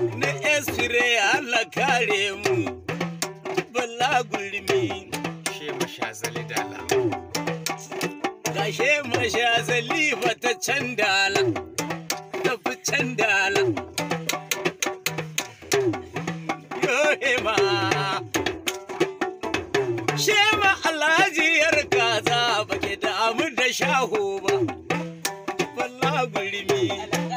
na esire Allah kare mu balla gulmi she mashazali dala gashe mashazali ta can dala tafi can dala yohema shema alhaji yar kaza baki damu da shahu ba balla gulmi